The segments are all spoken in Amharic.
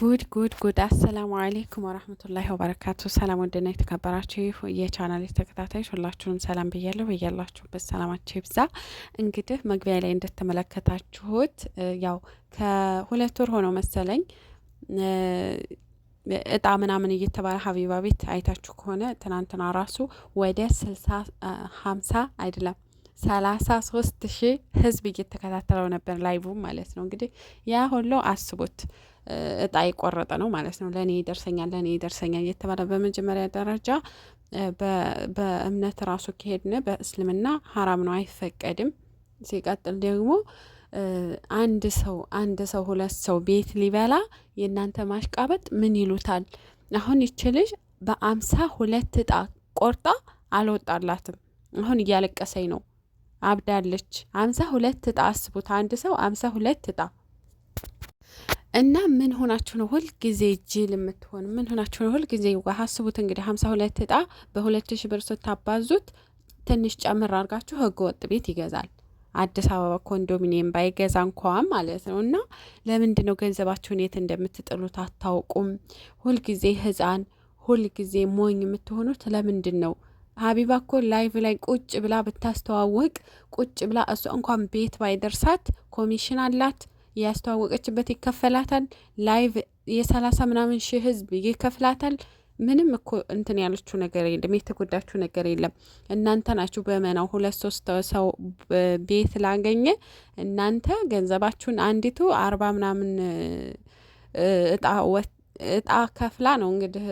ጉድ ጉድ ጉድ። አሰላሙ አሌይኩም ወራህመቱላሂ ወበረካቱ። ሰላም ወደና የተከበራችሁ የቻናሌ ተከታታዮች ሁላችሁንም ሰላም ብያለሁ። ብያላችሁበት ሰላማችሁ ይብዛ። እንግዲህ መግቢያ ላይ እንደተመለከታችሁት ያው ከሁለት ወር ሆነው መሰለኝ እጣ ምናምን እየተባለ ሀቢባ ቤት አይታችሁ ከሆነ ትናንትና ራሱ ወደ ስልሳ ሀምሳ አይደለም ሰላሳ ሶስት ሺህ ህዝብ እየተከታተለው ነበር ላይቭ ማለት ነው። እንግዲህ ያ ሁሉ አስቡት እጣ የቆረጠ ነው ማለት ነው። ለእኔ ይደርሰኛል፣ ለእኔ ይደርሰኛል እየተባለ በመጀመሪያ ደረጃ በእምነት ራሱ ከሄድን በእስልምና ሀራም ነው፣ አይፈቀድም። ሲቀጥል ደግሞ አንድ ሰው አንድ ሰው ሁለት ሰው ቤት ሊበላ የእናንተ ማሽቃበጥ ምን ይሉታል? አሁን ይች ልጅ በአምሳ ሁለት እጣ ቆርጣ አልወጣላትም። አሁን እያለቀሰኝ ነው አብዳለች። አምሳ ሁለት እጣ አስቡት። አንድ ሰው አምሳ ሁለት እጣ እና ምን ሆናችሁ ነው ጊዜ ጅል የምትሆን? ምን ሆናችሁ ነው ጊዜ ዋህ? አስቡት እንግዲህ ሀምሳ ሁለት እጣ በሁለት ሺ ብር ስታባዙት ትንሽ ጨምር አድርጋችሁ ህገ ወጥ ቤት ይገዛል። አዲስ አበባ ኮንዶሚኒየም ባይገዛ እንኳ ማለት ነው። እና ለምንድን ነው ገንዘባችሁን የት እንደምትጥሉት አታውቁም? ሁልጊዜ ህፃን፣ ሁልጊዜ ሞኝ የምትሆኑት ለምንድን ነው? ሀቢባ እኮ ላይቭ ላይ ቁጭ ብላ ብታስተዋወቅ ቁጭ ብላ እሷ እንኳን ቤት ባይደርሳት ኮሚሽን አላት፣ ያስተዋወቀችበት ይከፈላታል። ላይቭ የሰላሳ ምናምን ሺህ ህዝብ ይከፍላታል። ምንም እኮ እንትን ያለችው ነገር የለም፣ የተጎዳችው ነገር የለም። እናንተ ናችሁ በመናው ሁለት ሶስት ሰው ቤት ላገኘ እናንተ ገንዘባችሁን አንዲቱ አርባ ምናምን እጣ ወጥ እጣ ከፍላ ነው እንግዲህ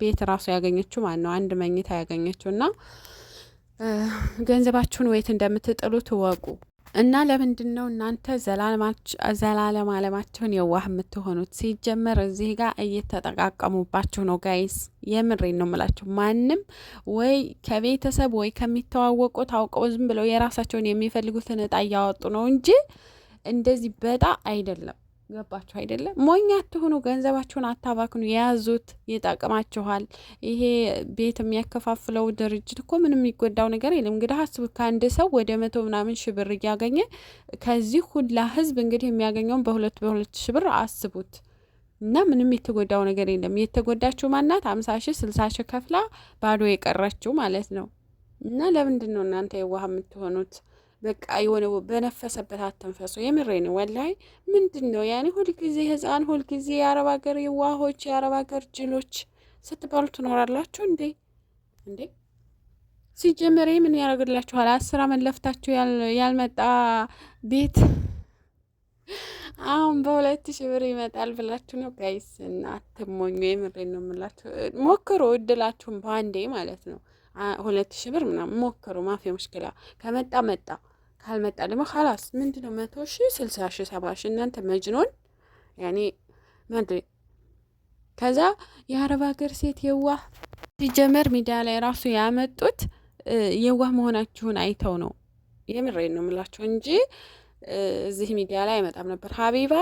ቤት ራሱ ያገኘችው ማለት ነው። አንድ መኝታ ያገኘችው እና ገንዘባችሁን ወይት እንደምትጥሉት ትወቁ። እና ለምንድን ነው እናንተ ዘላለም አለማቸውን የዋህ የምትሆኑት? ሲጀመር እዚህ ጋር እየተጠቃቀሙባችሁ ነው ጋይስ። የምሬን ነው የምላችሁ። ማንም ወይ ከቤተሰብ ወይ ከሚተዋወቁት አውቀው ዝም ብለው የራሳቸውን የሚፈልጉትን እጣ እያወጡ ነው እንጂ እንደዚህ በጣ አይደለም። ገባችሁ አይደለም? ሞኝ ትሆኑ ገንዘባችሁን አታባክኑ፣ የያዙት ይጠቅማችኋል። ይሄ ቤት የሚያከፋፍለው ድርጅት እኮ ምንም የሚጎዳው ነገር የለም። እንግዲህ አስብ ከአንድ ሰው ወደ መቶ ምናምን ሺህ ብር እያገኘ ከዚህ ሁላ ህዝብ እንግዲህ የሚያገኘውን በሁለት በሁለት ሺህ ብር አስቡት እና ምንም የተጎዳው ነገር የለም። የተጎዳችው ማናት? አምሳ ሺህ ስልሳ ሺህ ከፍላ ባዶ የቀረችው ማለት ነው። እና ለምንድን ነው እናንተ የዋህ የምትሆኑት? በቃ የሆነ በነፈሰበት አተንፈሱ። የምሬ ነው ወላይ። ምንድን ነው ያኔ ሁልጊዜ ህፃን፣ ሁልጊዜ የአረብ ሀገር የዋሆች፣ የአረብ ሀገር ጅሎች ስትባሉ ትኖራላችሁ እንዴ? እንዴ ሲጀመር ምን ያደርግላችኋል? አስር አመት ለፍታችሁ ያልመጣ ቤት አሁን በሁለት ሺ ብር ይመጣል ብላችሁ ነው ጋይስ። እና አትሞኙ። የምሬ ነው የምላችሁ። ሞክሮ እድላችሁን በአንዴ ማለት ነው ሁለት ሺ ብር ምናምን ሞክሩ። ማፊ ሙሽክላ ከመጣ መጣ፣ ካልመጣ ደግሞ ካላስ ምንድነው መቶ ሺ ስልሳ ሺ ሰባ ሺ እናንተ መጅኖን ያኔ መድሪ ከዛ የአረብ ሀገር ሴት የዋህ ሲጀመር ሚዲያ ላይ ራሱ ያመጡት የዋህ መሆናችሁን አይተው ነው። የምሬ ነው ምላቸው እንጂ እዚህ ሚዲያ ላይ አይመጣም ነበር። ሀቢባ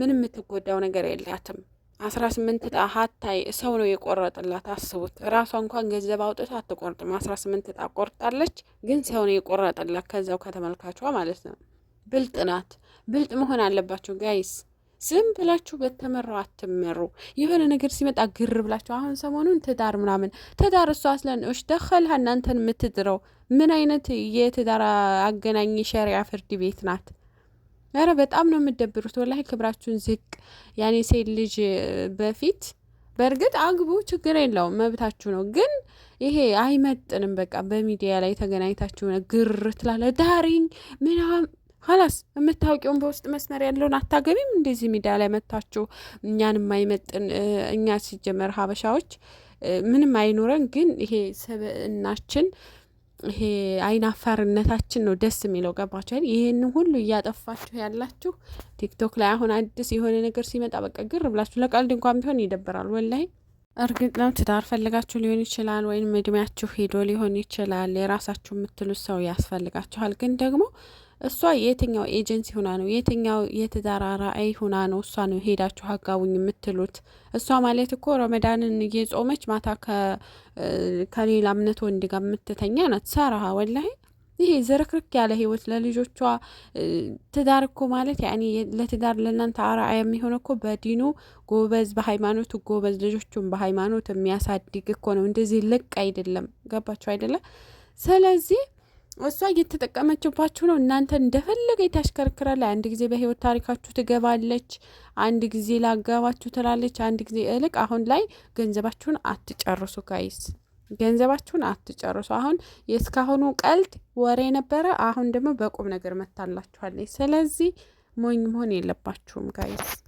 ምንም የምትጎዳው ነገር የላትም። አስራ ስምንት እጣ ሀታይ ሰው ነው የቆረጠላት። አስቡት፣ እራሷ እንኳን ገንዘብ አውጥታ አትቆርጥም። አስራ ስምንት እጣ ቆርጣለች፣ ግን ሰው ነው የቆረጠላት ከዛው ከተመልካቿ ማለት ነው። ብልጥ ናት። ብልጥ መሆን አለባቸው ጋይስ። ዝም ብላችሁ በተመራው አትመሩ። የሆነ ነገር ሲመጣ ግር ብላችሁ አሁን ሰሞኑን ትዳር ምናምን ትዳር እሷ አስለንዎች ደኸልሃ እናንተን የምትድረው ምን አይነት የትዳር አገናኝ ሸሪያ ፍርድ ቤት ናት? ኧረ በጣም ነው የምደብሩት ወላሂ ክብራችሁን ዝቅ ያኔ ሴት ልጅ በፊት በእርግጥ አግቡ፣ ችግር የለውም መብታችሁ ነው። ግን ይሄ አይመጥንም። በቃ በሚዲያ ላይ ተገናኝታችሁ ግር ትላለ ዳሪኝ ምናምን ሀላስ የምታውቂውን በውስጥ መስመር ያለውን አታገቢም። እንደዚህ ሚዲያ ላይ መታችሁ እኛን የማይመጥን እኛ ሲጀመር ሀበሻዎች ምንም አይኖረን፣ ግን ይሄ ሰብእናችን ይሄ አይናፋርነታችን ነው ደስ የሚለው ገባችሁ። ይህን ሁሉ እያጠፋችሁ ያላችሁ ቲክቶክ ላይ አሁን አዲስ የሆነ ነገር ሲመጣ በቃ ግር ብላችሁ ለቀልድ እንኳን ቢሆን ይደብራል ወላይ እርግጥ ነው ትዳር ፈልጋችሁ ሊሆን ይችላል፣ ወይም እድሜያችሁ ሄዶ ሊሆን ይችላል። የራሳችሁ የምትሉት ሰው ያስፈልጋችኋል። ግን ደግሞ እሷ የትኛው ኤጀንሲ ሁና ነው የትኛው የትዳር ራዕይ ሁና ነው እሷ ነው ሄዳችሁ አጋቡኝ የምትሉት? እሷ ማለት እኮ ረመዳንን እየጾመች ማታ ከሌላ እምነት ወንድ ጋር የምትተኛ ናት። ሰራሃ ወላሂ ይሄ ዝርክርክ ያለ ህይወት ለልጆቿ ትዳር እኮ ማለት ያኔ ለትዳር ለእናንተ አርአያ የሚሆን እኮ በዲኑ ጎበዝ፣ በሃይማኖቱ ጎበዝ ልጆቹን በሃይማኖት የሚያሳድግ እኮ ነው። እንደዚህ ልቅ አይደለም። ገባችሁ አይደለም? ስለዚህ እሷ እየተጠቀመችባችሁ ነው። እናንተ እንደፈለገ ታሽከርክራለች። አንድ ጊዜ በህይወት ታሪካችሁ ትገባለች፣ አንድ ጊዜ ላጋባችሁ ትላለች፣ አንድ ጊዜ እልቅ። አሁን ላይ ገንዘባችሁን አትጨርሱ ጋይስ፣ ገንዘባችሁን አትጨርሱ። አሁን የእስካሁኑ ቀልድ ወሬ ነበረ። አሁን ደግሞ በቁም ነገር መታላችኋለች። ስለዚህ ሞኝ መሆን የለባችሁም ጋይስ።